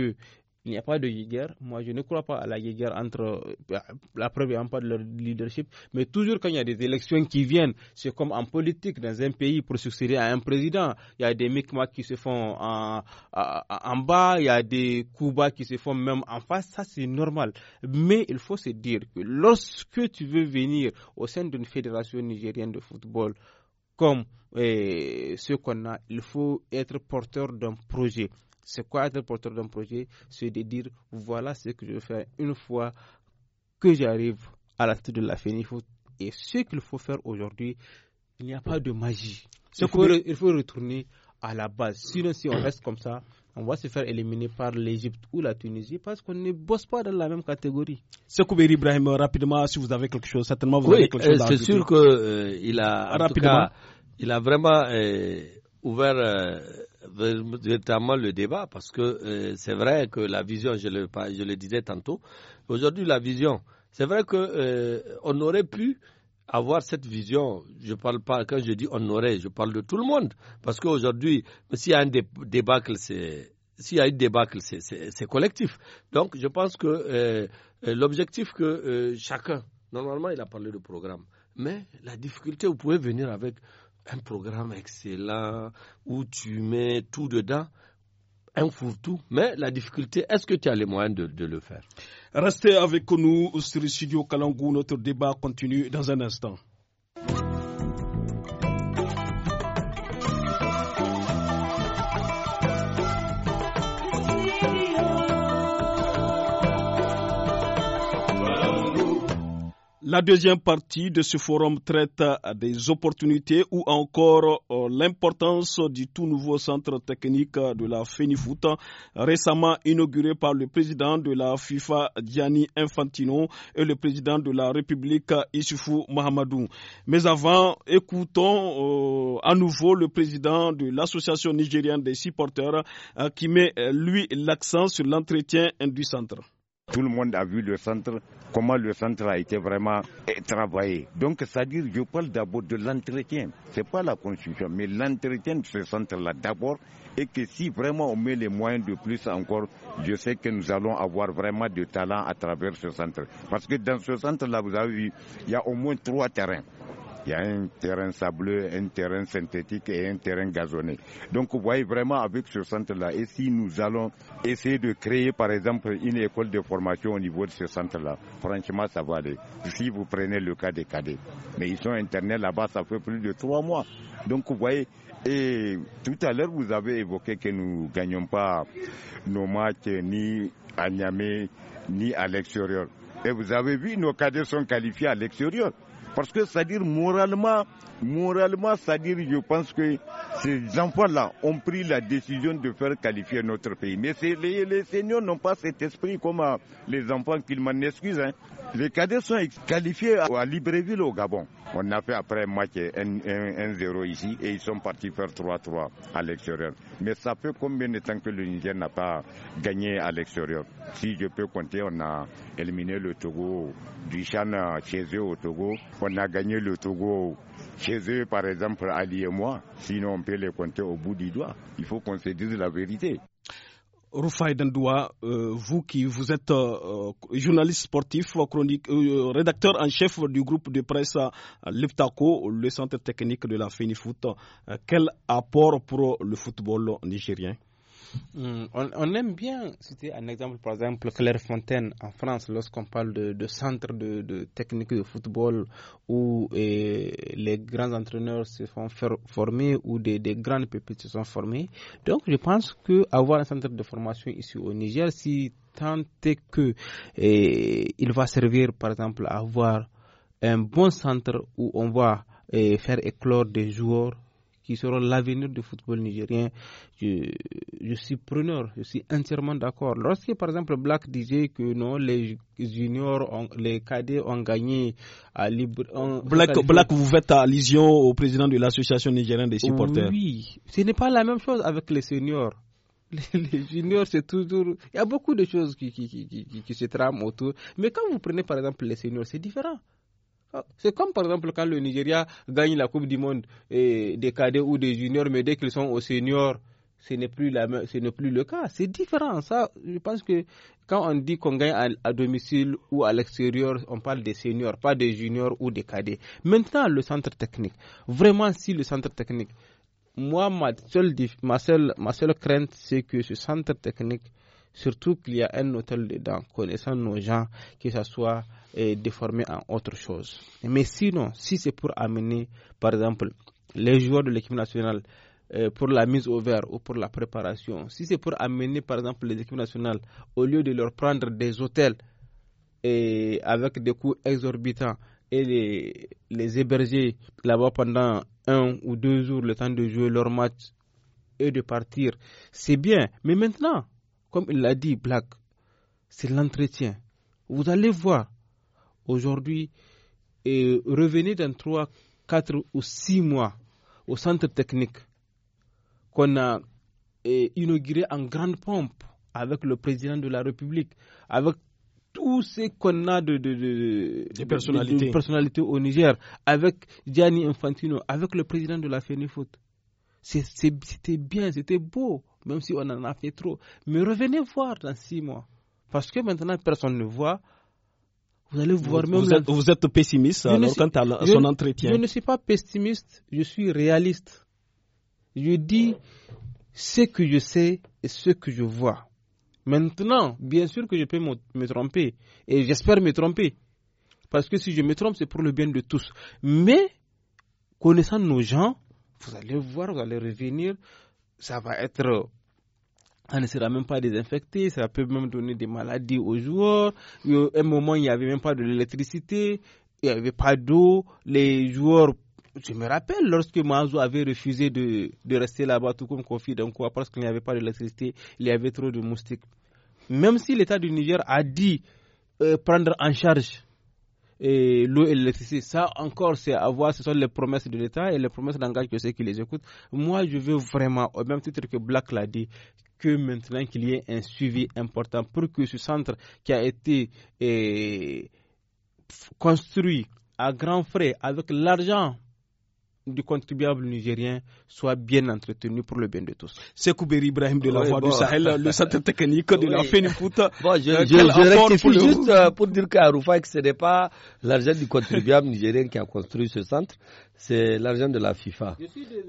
il n'y a pas de guerre. Moi, je ne crois pas à la guerre entre euh, la preuve et pas de leur leadership. Mais toujours quand il y a des élections qui viennent, c'est comme en politique dans un pays pour succéder à un président. Il y a des micmacs qui se font en, en bas, il y a des coups bas qui se font même en face. Ça, c'est normal. Mais il faut se dire que lorsque tu veux venir au sein d'une fédération nigérienne de football, comme eh, ce qu'on a, il faut être porteur d'un projet c'est quoi être porteur d'un projet C'est de dire voilà ce que je vais faire une fois que j'arrive à la tête de la FENIFO et ce qu'il faut faire aujourd'hui, il n'y a pas de magie. Il faut, il faut retourner à la base. Sinon, si on mm. reste comme ça, on va se faire éliminer par l'Égypte ou la Tunisie parce qu'on ne bosse pas dans la même catégorie. Sekouber Ibrahim, rapidement, si vous avez quelque chose, certainement vous avez quelque chose euh, à C'est sûr qu'il euh, a, il a vraiment euh, ouvert véritablement le débat parce que euh, c'est vrai que la vision, je le, je le disais tantôt, aujourd'hui la vision, c'est vrai qu'on euh, aurait pu avoir cette vision, je parle pas, quand je dis on aurait, je parle de tout le monde. Parce qu'aujourd'hui, s'il y a un débat, c'est. S'il y a une débâcle, c'est collectif. Donc, je pense que euh, l'objectif que chacun, normalement, il a parlé de programme. Mais la difficulté, vous pouvez venir avec un programme excellent où tu mets tout dedans, un fourre-tout. Mais la difficulté, est-ce que tu as les moyens de, le faire Restez avec nous sur le studio Kalangou. Notre débat continue dans un instant. La deuxième partie de ce forum traite des opportunités ou encore euh, l'importance du tout nouveau centre technique de la FENIFOOT, récemment inauguré par le président de la FIFA Gianni Infantino et le président de la République Issoufou Mahamadou. Mais avant, écoutons euh, à nouveau le président de l'Association nigérienne des supporters euh, qui met lui l'accent sur l'entretien du centre. Tout le monde a vu le centre, comment le centre a été vraiment eh, travaillé. Donc, c'est-à-dire, je parle d'abord de l'entretien. Ce n'est pas la construction, mais l'entretien de ce centre-là d'abord. Et que si vraiment on met les moyens de plus encore, je sais que nous allons avoir vraiment de talent à travers ce centre. Parce que dans ce centre-là, vous avez vu, il y a au moins trois terrains. Il y a un terrain sableux, un terrain synthétique et un terrain gazonné. Donc vous voyez vraiment avec ce centre-là, et si nous allons essayer de créer par exemple une école de formation au niveau de ce centre-là, franchement ça va aller. Si vous prenez le cas des cadets, mais ils sont internés là-bas, ça fait plus de trois mois. Donc vous voyez, et tout à l'heure vous avez évoqué que nous ne gagnons pas nos matchs ni à Niamey ni à l'extérieur. Et vous avez vu, nos cadets sont qualifiés à l'extérieur. Parce que, c'est-à-dire, moralement, moralement, cest dire je pense que ces enfants-là ont pris la décision de faire qualifier notre pays. Mais les, seniors n'ont pas cet esprit comme euh, les enfants qu'ils m'en excusent. Hein. Les cadets sont qualifiés à, Libreville au Gabon. On a fait après un match 1-0 ici et ils sont partis faire 3-3 à l'extérieur. Mais ça fait combien de temps que le Niger n'a pas gagné à l'extérieur Si je peux compter, on a éliminé le Togo du Chan euh, chez eux au Togo. On a gagné le Togo chez eux, par exemple, Ali et moi. Sinon, on peut les compter au bout du doigt. Il faut qu'on se dise la vérité. Rufai Dandoua, euh, vous qui vous êtes euh, euh, journaliste sportif, chronique, rédacteur en chef du groupe de presse Leptaco, le centre technique de la FENIFOOT, quel apport pour le football nigérien Hmm, on, aime bien citer un exemple, par exemple, Fontaine en France, lorsqu'on parle de, de centre de, technique de football où eh, les grands entraîneurs se font former ou des, grandes pépites se sont formées. Donc, je pense qu'avoir un centre de formation ici au Niger, si tant est que eh, il va servir, par exemple, à avoir un bon centre où on va eh, faire éclore des joueurs qui seront l'avenir du football nigérien. Je, je, suis preneur, je suis entièrement d'accord. Lorsque, par exemple, Black disait que non, les juniors, les cadets ont gagné à Libre. Black, Black, vous faites allusion au président de l'association nigérienne des supporters. Oui, ce n'est pas la même chose avec les seniors les, juniors, c'est toujours. Il y a beaucoup de choses qui, qui, qui, se trament autour. Mais quand vous prenez par exemple les seniors, c'est différent. Ah, c'est comme par exemple quand le Nigeria gagne la Coupe du Monde des cadets ou des juniors, mais dès qu'ils sont aux seniors, ce n'est plus, la, ce n'est plus le cas. C'est différent. Ça, je pense que quand on dit qu'on gagne à, domicile ou à l'extérieur, on parle des seniors, pas des juniors ou des cadets. Maintenant, le centre technique. Vraiment, si le centre technique. Moi, ma seule, ma seule crainte, c'est que ce centre technique Surtout qu'il y a un hôtel dedans, connaissant nos gens, que ça soit eh, déformé en autre chose. Mais sinon, si c'est pour amener, par exemple, les joueurs de l'équipe nationale eh, pour la mise au vert ou pour la préparation, si c'est pour amener, par exemple, les équipes nationales, au lieu de leur prendre des hôtels et eh, avec des coûts exorbitants et les, les héberger là-bas pendant un ou deux jours le temps de jouer leur match et de partir, c'est bien. Mais maintenant, comme il l'a dit, Black, c'est l'entretien. Vous allez voir aujourd'hui, et revenez dans 3, 4 ou 6 mois au centre technique qu'on a inauguré en grande pompe avec le président de la République, avec tous ces qu'on a de, personnalités personnalité au Niger, avec Gianni Infantino, avec le président de la FENIFOOT. C'était bien, c'était beau même si on en a fait trop. Mais revenez voir dans six mois. Parce que maintenant, personne ne voit. Vous allez voir même. Vous, êtes, vous êtes, pessimiste alors, quant à son entretien. Je ne suis pas pessimiste, je suis réaliste. Je dis ce que je sais et ce que je vois. Maintenant, bien sûr que je peux me tromper. Et j'espère me tromper. Parce que si je me trompe, c'est pour le bien de tous. Mais, connaissant nos gens, vous allez voir, vous allez revenir, ça va être ne sera même pas désinfecté, ça peut même donner des maladies aux joueurs. À un moment, il n'y avait même pas de l'électricité, il n'y avait pas d'eau. Les joueurs, je me rappelle, lorsque Mazou avait refusé de, de rester là-bas, tout comme Kofi, donc quoi, parce qu'il n'y avait pas d'électricité, il y avait trop de moustiques. Même si l'État du Niger a dit euh, prendre en charge et l'eau et l'électricité. Ça encore, c'est avoir voir, ce sont les promesses de l'État et les promesses d'engagement que ceux qui les écoutent. Moi, je veux vraiment, au même titre que Black l'a dit, que maintenant qu'il y ait un suivi important pour que ce centre qui a été eh, construit à grands frais avec l'argent du contribuable nigérien soit bien entretenu pour le bien de tous. C'est Kouberi Ibrahim de la voie Voix du Sahel, le centre technique de la FENIFOOT. je, euh, je, rectifie juste euh, pour dire qu'à Roufaï, ce n'est pas l'argent du contribuable nigérien qui a construit ce centre, c'est l'argent de la FIFA.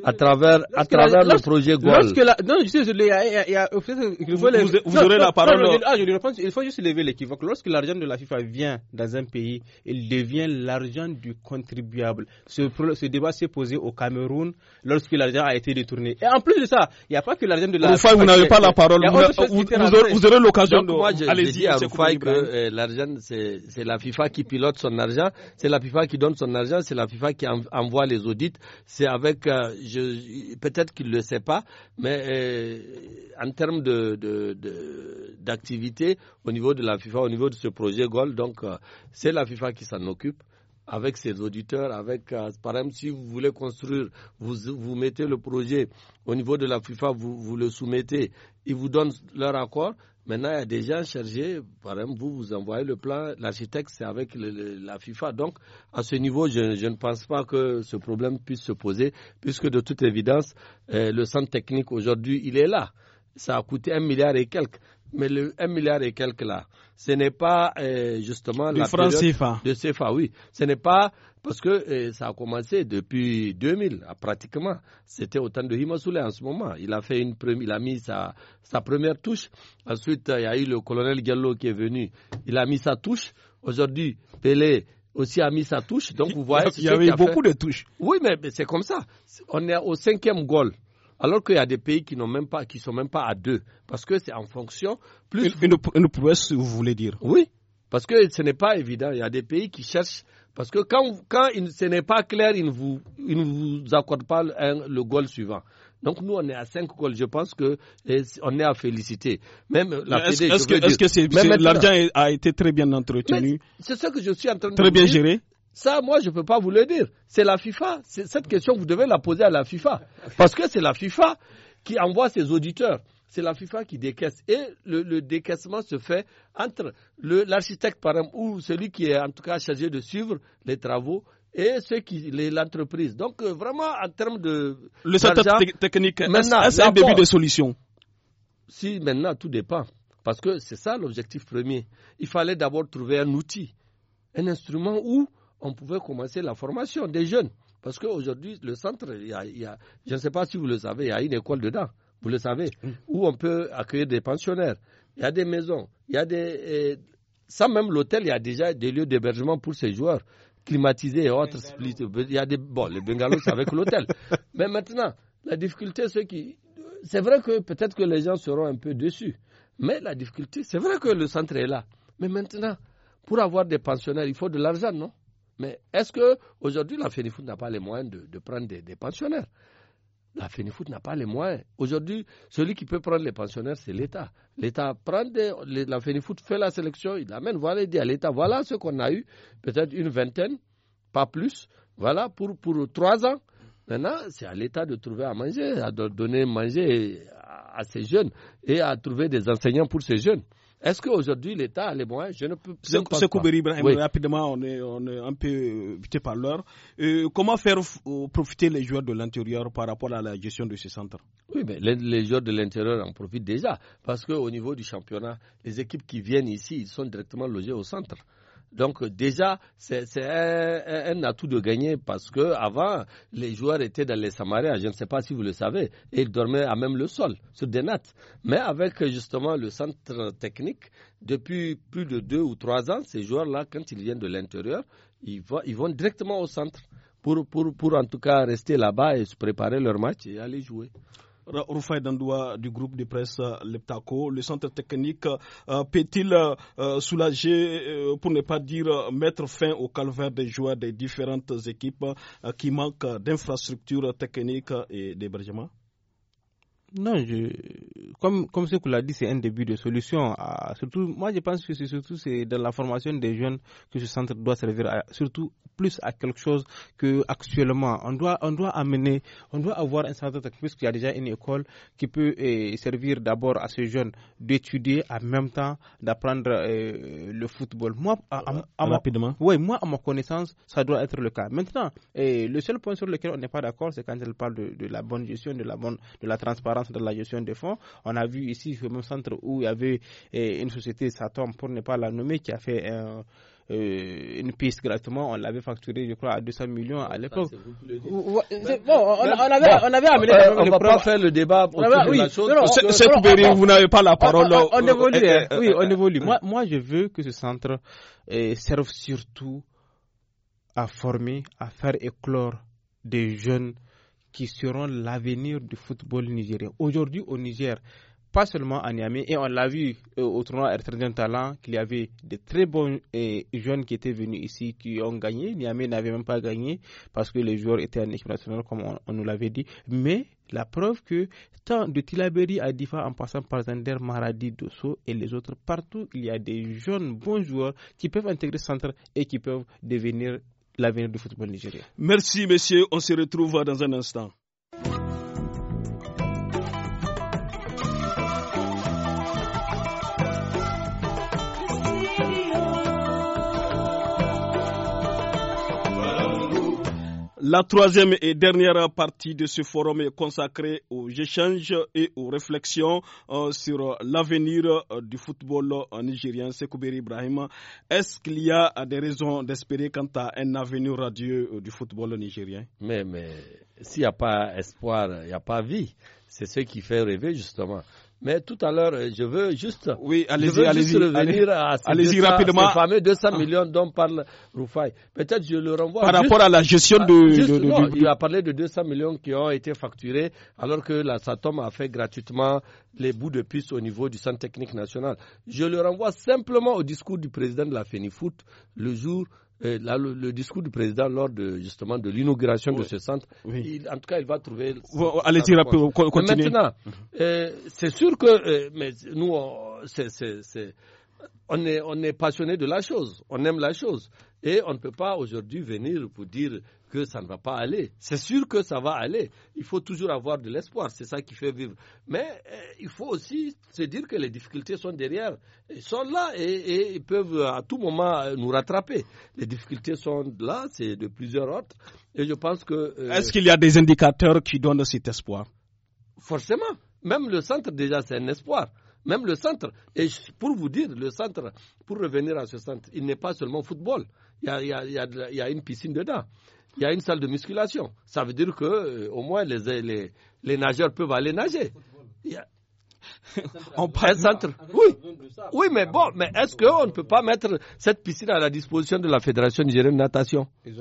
À travers, à travers le projet la, non, je sais, je il y a, il vous, aurez la parole. ah, je réponds, il faut juste lever l'équivoque. Lorsque l'argent de la FIFA vient dans un pays, il devient l'argent du contribuable. Ce, débat s'est posé au Cameroun lorsque l'argent a été détourné. Et en plus de ça, il n'y a pas que l'argent de la FIFA. vous n'avez pas la parole. Vous, aurez, l'occasion de. Moi, allez dis que euh, l'argent, c'est la FIFA qui pilote son argent, c'est la FIFA qui donne son argent, c'est la FIFA qui envoie les audits, c'est avec, euh, peut-être qu'il ne le sait pas, mais euh, en termes de, d'activité au niveau de la FIFA, au niveau de ce projet Goal, donc euh, c'est la FIFA qui s'en occupe avec ses auditeurs, avec, par exemple, si vous voulez construire, vous, vous mettez le projet au niveau de la FIFA, vous, vous le soumettez, ils vous donnent leur accord, Maintenant, il y a des gens chargés, par exemple, vous, vous envoyez le plan, l'architecte, c'est avec la FIFA. Donc, à ce niveau, je, ne pense pas que ce problème puisse se poser, puisque de toute évidence, euh, le centre technique aujourd'hui, il est là. Ça a coûté un milliard et quelques mais le 1 milliard et quelques là, ce n'est pas euh, justement la franc CFA. De CFA, oui. Ce n'est pas parce que euh, ça a commencé depuis 2000 ah, pratiquement. C'était au temps de Himasoulé en ce moment. Il a fait une il a mis sa, sa première touche. Ensuite, euh, il y a eu le colonel Gallo qui est venu. Il a mis sa touche. Aujourd'hui, Pelé aussi a mis sa touche. Donc vous voyez, il y avait beaucoup de touches. Oui, mais, mais c'est comme ça. On est au cinquième goal alors qu'il y a des pays qui n'ont même pas, qui sont même pas à deux, parce que c'est en fonction plus une, prouesse, vous voulez dire Oui, parce que ce n'est pas évident. Il y a des pays qui cherchent parce que quand, quand il, ce n'est pas clair, ils ne vous, ils accordent pas le goal suivant. Donc nous, on est à cinq goals. Je pense qu'on est à féliciter. Même la Est-ce que, que l'argent a été très bien entretenu C'est ça que je suis en train de Très bien géré ça, moi, je ne peux pas vous le dire. C'est la FIFA. Cette question, vous devez la poser à la FIFA. Parce que c'est la FIFA qui envoie ses auditeurs. C'est la FIFA qui décaisse. Et le, décaissement se fait entre l'architecte, par exemple, ou celui qui est en tout cas chargé de suivre les travaux et l'entreprise. Donc euh, vraiment en termes de le setup technique, est-ce un début de solution Si maintenant tout dépend, parce que c'est ça l'objectif premier. Il fallait d'abord trouver un outil, un instrument où on pouvait commencer la formation des jeunes. Parce qu'aujourd'hui, le centre, il y a, je ne sais pas si vous le savez, il y a une école dedans, vous le savez, où on peut accueillir des pensionnaires. Il y a des maisons, il y a des. Euh, sans même l'hôtel, il y a déjà des lieux d'hébergement pour ces joueurs, climatisés et autres. Euh, y des. Bon, les bungalows, c'est avec l'hôtel. Mais maintenant, la difficulté, c'est qui. C'est vrai que peut-être que les gens seront un peu déçus. Mais la difficulté, c'est vrai que le centre est là. Mais maintenant, pour avoir des pensionnaires, il faut de l'argent, non mais est-ce qu'aujourd'hui, la Fénifout n'a pas les moyens de, prendre des, pensionnaires La Fénifout n'a pas les moyens. Aujourd'hui, celui qui peut prendre les pensionnaires, c'est l'État. L'État prend des, la FENIFOOT, fait la sélection, il l'amène, voilà, il dit à l'État, voilà ce qu'on a eu, peut-être une vingtaine, pas plus, voilà, pour, trois ans. Maintenant, c'est à l'État de trouver à manger, à donner à manger à ces jeunes et à trouver des enseignants pour ces jeunes. Est-ce qu'aujourd'hui l'État a les moyens Je ne peux pas. Ibrahim, rapidement, on est, un peu vite par l'heure. Euh, comment faire euh, profiter les joueurs de l'intérieur par rapport à la gestion de ce centre Oui, mais les, joueurs de l'intérieur en profitent déjà parce qu'au niveau du championnat, les équipes qui viennent ici, ils sont directement logés au centre. Donc déjà, c'est un, atout de gagner parce que avant, les joueurs étaient dans les Samariens, je ne sais pas si vous le savez, et ils dormaient à même le sol, sur des nattes. Mais avec justement le centre technique, depuis plus de deux ou trois ans, ces joueurs-là, quand ils viennent de l'intérieur, ils, ils vont directement au centre. Pour, pour, pour, en tout cas rester là-bas et se préparer leur match et aller jouer. Rufai Dandoua du groupe de presse euh, Leptaco, le centre technique euh, peut-il euh, soulager, pour ne pas dire mettre fin au calvaire des joueurs des différentes équipes qui manquent d'infrastructures techniques et d'hébergement non, je, comme, comme ce que l'a dit, c'est un début de solution. surtout, moi, je pense que c'est surtout dans la formation des jeunes que ce centre doit servir, surtout plus à quelque chose que On doit, on doit amener, on doit avoir un centre technique puisqu'il y a déjà une école qui peut eh, servir d'abord à ces jeunes d'étudier en même temps d'apprendre eh, le football. Moi, rapidement. oui, moi, à ma connaissance, ça doit être le cas. Maintenant, eh, le seul point sur lequel on n'est pas d'accord, c'est quand elle parle de, de la bonne gestion, de la bonne, de la transparence dans de la gestion des fonds. On a vu ici ce même centre où il y avait eh, une société Satom, pour ne pas la nommer, qui a fait euh, une piste gratuitement, on l'avait facturé, je crois, à 200 millions à l'époque. Ben, ben, ben, on, avait, amené. on ne va pas faire le débat pour la chose. Non, non, vous n'avez pas la parole. On, évolue, euh, hein. oui, on euh, évolue. moi, je veux que ce centre eh, serve surtout à former, à faire éclore des jeunes qui seront l'avenir du football nigérien. Aujourd'hui, au Niger, pas seulement à Niamey, et on l'a vu euh, au tournoi Talent, qu'il y avait de très bons euh, jeunes qui étaient venus ici, qui ont gagné. Niamey n'avait même pas gagné parce que les joueurs étaient en équipe nationale, comme on, nous l'avait dit. Mais la preuve que tant de Tilaberi à Difa en passant par Zander, Maradi, Dosso et les autres, partout, il y a des jeunes bons joueurs qui peuvent intégrer le centre et qui peuvent devenir l'avenir du football nigérien. Merci, messieurs. On se retrouve dans un instant. La troisième et dernière partie de ce forum est consacrée aux échanges et aux réflexions euh, sur l'avenir euh, du football nigérien. Sekouberi Ibrahim, est-ce qu'il y a des raisons d'espérer quant à un avenir radieux euh, du football nigérien mais s'il n'y a pas espoir, il n'y a pas vie. C'est ce qui fait rêver justement. Mais tout à l'heure, euh, je veux juste, revenir allez à ce rapidement. fameux 200 ah. millions dont parle Roufaï. Peut-être je le renvoie. Par rapport à la gestion de, non, Il a parlé de 200 millions qui ont été facturés alors que la SATOM a fait gratuitement les bouts de puce au niveau du Centre technique national. Je le renvoie simplement au discours du président de la FENIFOOT le jour euh, le, discours du président lors de justement de l'inauguration de ce centre, en tout cas, il va trouver. Allez-y rapidement. Maintenant, mhm. euh, c'est sûr que euh, mais nous, on, est, on est passionné de la chose, on aime la chose. Et on ne peut pas aujourd'hui venir pour dire que ça ne va pas aller. C'est sûr que ça va aller. Il faut toujours avoir de l'espoir. C'est ça qui fait vivre. Mais euh, il faut aussi se dire que les difficultés sont derrière. Elles sont là et, ils peuvent à tout moment euh, nous rattraper. Les difficultés sont là, c'est de plusieurs ordres. Et je pense que. Euh, Est-ce qu'il y a des indicateurs qui donnent cet espoir Forcément. Même le centre, déjà, c'est un espoir même le centre. Et pour vous dire, le centre, pour revenir à ce centre, il n'est pas seulement football. il y a une piscine dedans il y a une salle de musculation. Ça veut dire que euh, moins les, nageurs peuvent aller nager. un centre. Oui. mais bon, mais est-ce qu'on ne peut pas mettre cette piscine à la disposition de la Fédération nigérienne de natation Ils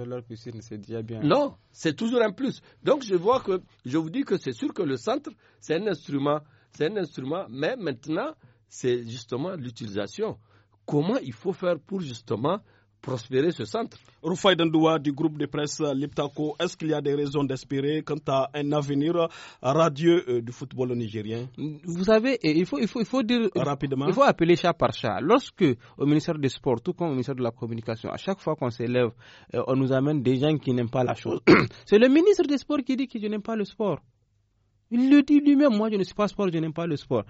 c'est Non, c'est toujours un plus. Donc je vois que, je vous dis que c'est sûr que le centre, c'est un instrument, c'est un instrument, mais maintenant, c'est justement l'utilisation. Comment il faut faire pour justement prospérer ce centre. Rufai Dandoua du groupe de presse euh, Liptako, est-ce qu'il y a des raisons d'espérer quant à un avenir euh, radieux euh, du football nigérien Vous savez, il faut, dire. Rapidement. Il faut appeler chat par chat. Lorsque, au ministère des Sports, tout comme au ministère de la Communication, à chaque fois qu'on s'élève, on nous amène des gens qui n'aiment pas la chose. C'est le ministre des Sports qui dit que je n'aime pas le sport. Il le dit lui-même, moi je ne suis pas sport, je n'aime pas le sport.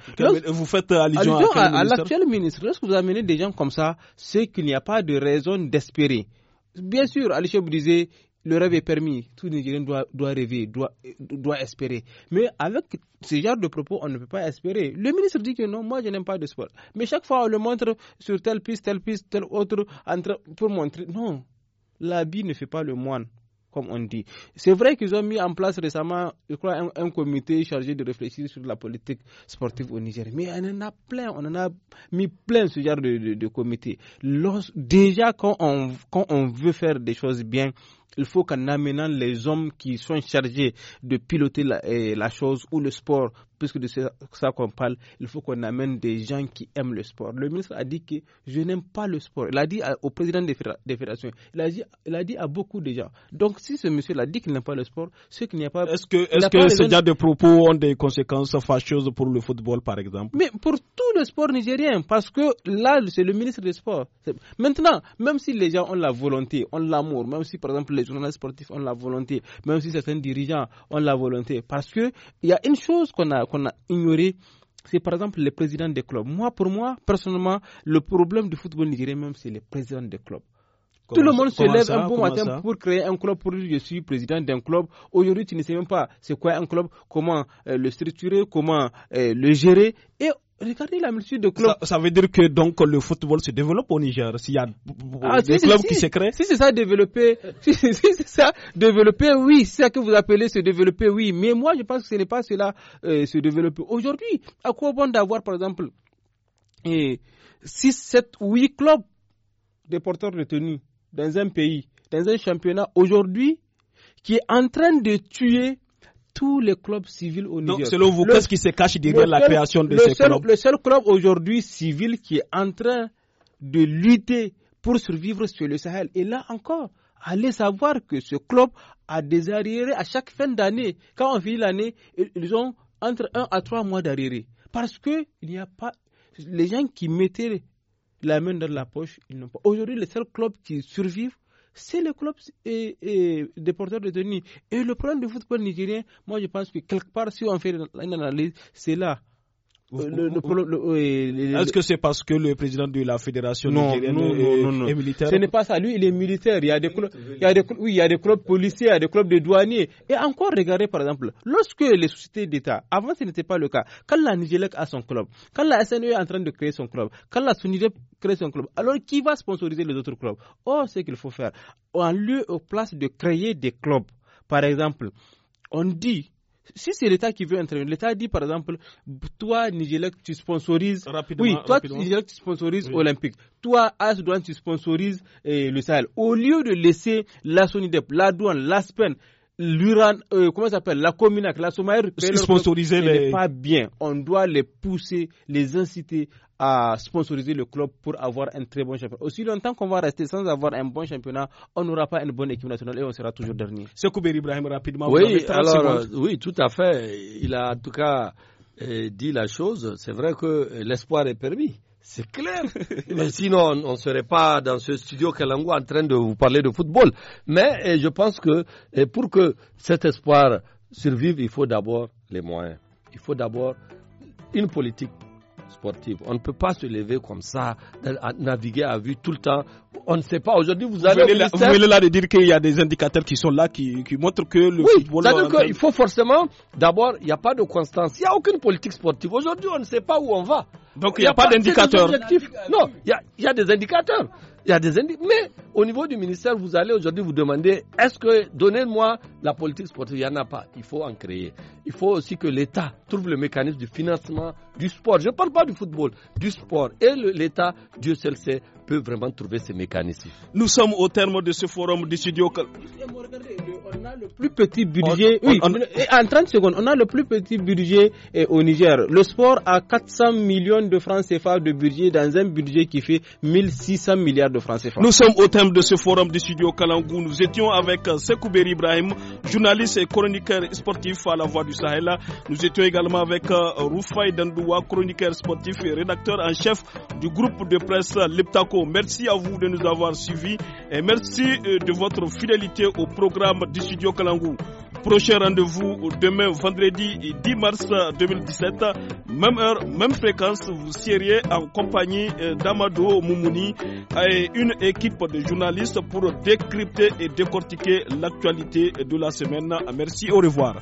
vous faites euh, allusion, à, l'actuel ministre. Lorsque vous amenez des gens comme ça, c'est qu'il n'y a pas de raison d'espérer. Bien sûr, Ali Cheb disait, le rêve est permis, tout Nigérien doit, rêver, doit, doit espérer. Mais avec ce genre de propos, on ne peut pas espérer. Le ministre dit que non, moi je n'aime pas de sport. Mais chaque fois, on le montre sur telle piste, telle piste, telle autre, entre, pour montrer. Non, l'habit ne fait pas le moine comme on dit. C'est vrai qu'ils ont mis en place récemment, je crois, un, comité chargé de réfléchir sur la politique sportive au Niger. Mais on en a plein, on en a mis plein ce genre de, de, comité. déjà, quand on, quand on veut faire des choses bien, il faut qu'en amenant les hommes qui sont chargés de piloter la, eh, la chose ou le sport, puisque de ça qu'on parle, il faut qu'on amène des gens qui aiment le sport. Le ministre a dit que je n'aime pas le sport. Il a dit au président des fédérations, il a dit, il a dit à beaucoup de gens. Donc si ce monsieur l'a dit qu'il n'aime pas le sport, ce qu'il n'y a pas. Est-ce que, est-ce que ce genre de propos ont des conséquences fâcheuses pour le football, par exemple Mais pour tout le sport nigérien, parce que là, c'est le ministre des Sports. Maintenant, même si les gens ont la volonté, ont l'amour, même si par exemple les journalistes sportifs ont la volonté, même si certains dirigeants ont la volonté. Parce qu'il y a une chose qu'on a, qu'on a ignorée, c'est par exemple les présidents des clubs. Moi, pour moi, personnellement, le problème du football nigérien même, c'est les présidents des clubs. Tout le monde se lève un bon matin pour créer un club, pour dire je suis président d'un club. Aujourd'hui, tu ne sais même pas c'est quoi un club, comment euh, le structurer, comment euh, le gérer. Et Regardez la multitude de club. Ça, veut dire que donc le football se développe au Niger. S'il y a ah, des clubs qui se créent. Si c'est ça développer, si, c'est ça développer, oui, c'est ça que vous appelez se développer, oui. Mais moi, je pense que ce n'est pas cela euh, se développer. Aujourd'hui, à quoi bon d'avoir par exemple et 6, 7, 8 clubs de porteurs de tenue dans un pays, dans un championnat aujourd'hui qui est en train de tuer tous les clubs civils au Niger. Donc, selon vous, qu'est-ce qui se cache derrière la création de ces clubs Le seul club aujourd'hui civil qui est en train de lutter pour survivre sur le Sahel. Et là encore, allez savoir que ce club a des arriérés à chaque fin d'année. Quand on finit l'année, ils ont entre un à trois mois d'arriérés. Parce que il n'y a pas. Les gens qui mettaient la main dans la poche, ils n'ont pas. Aujourd'hui, le seul club qui survivent, c'est le club et, et des porteurs de tenue. Et le problème du football nigérien, moi je pense que quelque part, si on fait une analyse, c'est là est-ce que c'est parce que le président de la fédération non, non, non, Ce n'est pas ça. Lui, il est militaire. Il y a des clubs, oui, il y a des clubs policiers, il y a des clubs de douaniers. Et encore, regardez par exemple, lorsque les sociétés d'État, avant ce n'était pas le cas, quand la Nigélec a son club, quand la SNE est en train de créer son club, quand la Sunilé crée son club, alors qui va sponsoriser les autres clubs Oh, ce qu'il faut faire. En lieu, au place de créer des clubs, par exemple, on dit si c'est l'État qui veut intervenir, l'État dit par exemple, toi Nigélec tu sponsorises. oui, toi tu sponsorises Olympique. Toi As tu sponsorises eh, le Sahel. Au lieu de laisser la Sonidep, la Douane, l'Aspen, l'Uran, euh, comment ça s'appelle, la Cominac, la Somaïr, sponsoriser les. n'est pas bien. On doit les pousser, les inciter à sponsoriser le club pour avoir un très bon championnat. Aussi longtemps qu'on va rester sans avoir un bon championnat, on n'aura pas une bonne équipe nationale et on sera toujours dernier. Koubir Ibrahim, rapidement. Oui, alors, euh, oui, tout à fait. Il a en tout cas euh, dit la chose. C'est vrai que euh, l'espoir est permis. C'est clair. Mais sinon, on ne serait pas dans ce studio Kalango en train de vous parler de football. Mais je pense que pour que cet espoir survive, il faut d'abord les moyens. Il faut d'abord une politique on ne peut pas se lever comme ça, naviguer à vue tout le temps on ne sait pas. Aujourd'hui, vous, allez. vous venez là de dire qu'il y a des indicateurs qui sont là, qui, qui montrent que le oui, C'est-à-dire qu'il faut forcément. D'abord, il n'y a pas de constance. Il n'y a aucune politique sportive. Aujourd'hui, on ne sait pas où on va. Donc, il n'y a, pas, d'indicateur. Non, il y a, y a des indicateurs. Il y a des Mais au niveau du ministère, vous allez aujourd'hui vous demander est-ce que, donnez-moi la politique sportive, il n'y en a pas. Il faut en créer. Il faut aussi que l'État trouve le mécanisme du financement du sport. Je ne parle pas du football, du sport. Et l'État, Dieu seul sait, peut vraiment trouver ces mécanismes. Nous sommes au terme de ce forum du studio. On a le plus petit budget. oui, en 30 secondes, on a le plus petit budget eh, au Niger. Le sport a 400 millions de francs CFA de budget dans un budget qui fait 1600 milliards de francs CFA. Nous sommes au terme de ce forum du studio Kalangou. Nous étions avec euh, Sekouber Ibrahim, journaliste et chroniqueur sportif à la Voix du Sahel. Nous étions également avec euh, Roufaï Dandoua, chroniqueur sportif et rédacteur en chef du groupe de presse Leptako Merci à vous de nous avoir suivis et merci euh, de votre fidélité au programme du studio Kalangou. Prochain rendez-vous demain vendredi 10 mars 2017, même heure, même fréquence, vous seriez en compagnie euh, d'Amado Moumouni et une équipe de journalistes pour décrypter et décortiquer l'actualité de la semaine. Merci, au revoir.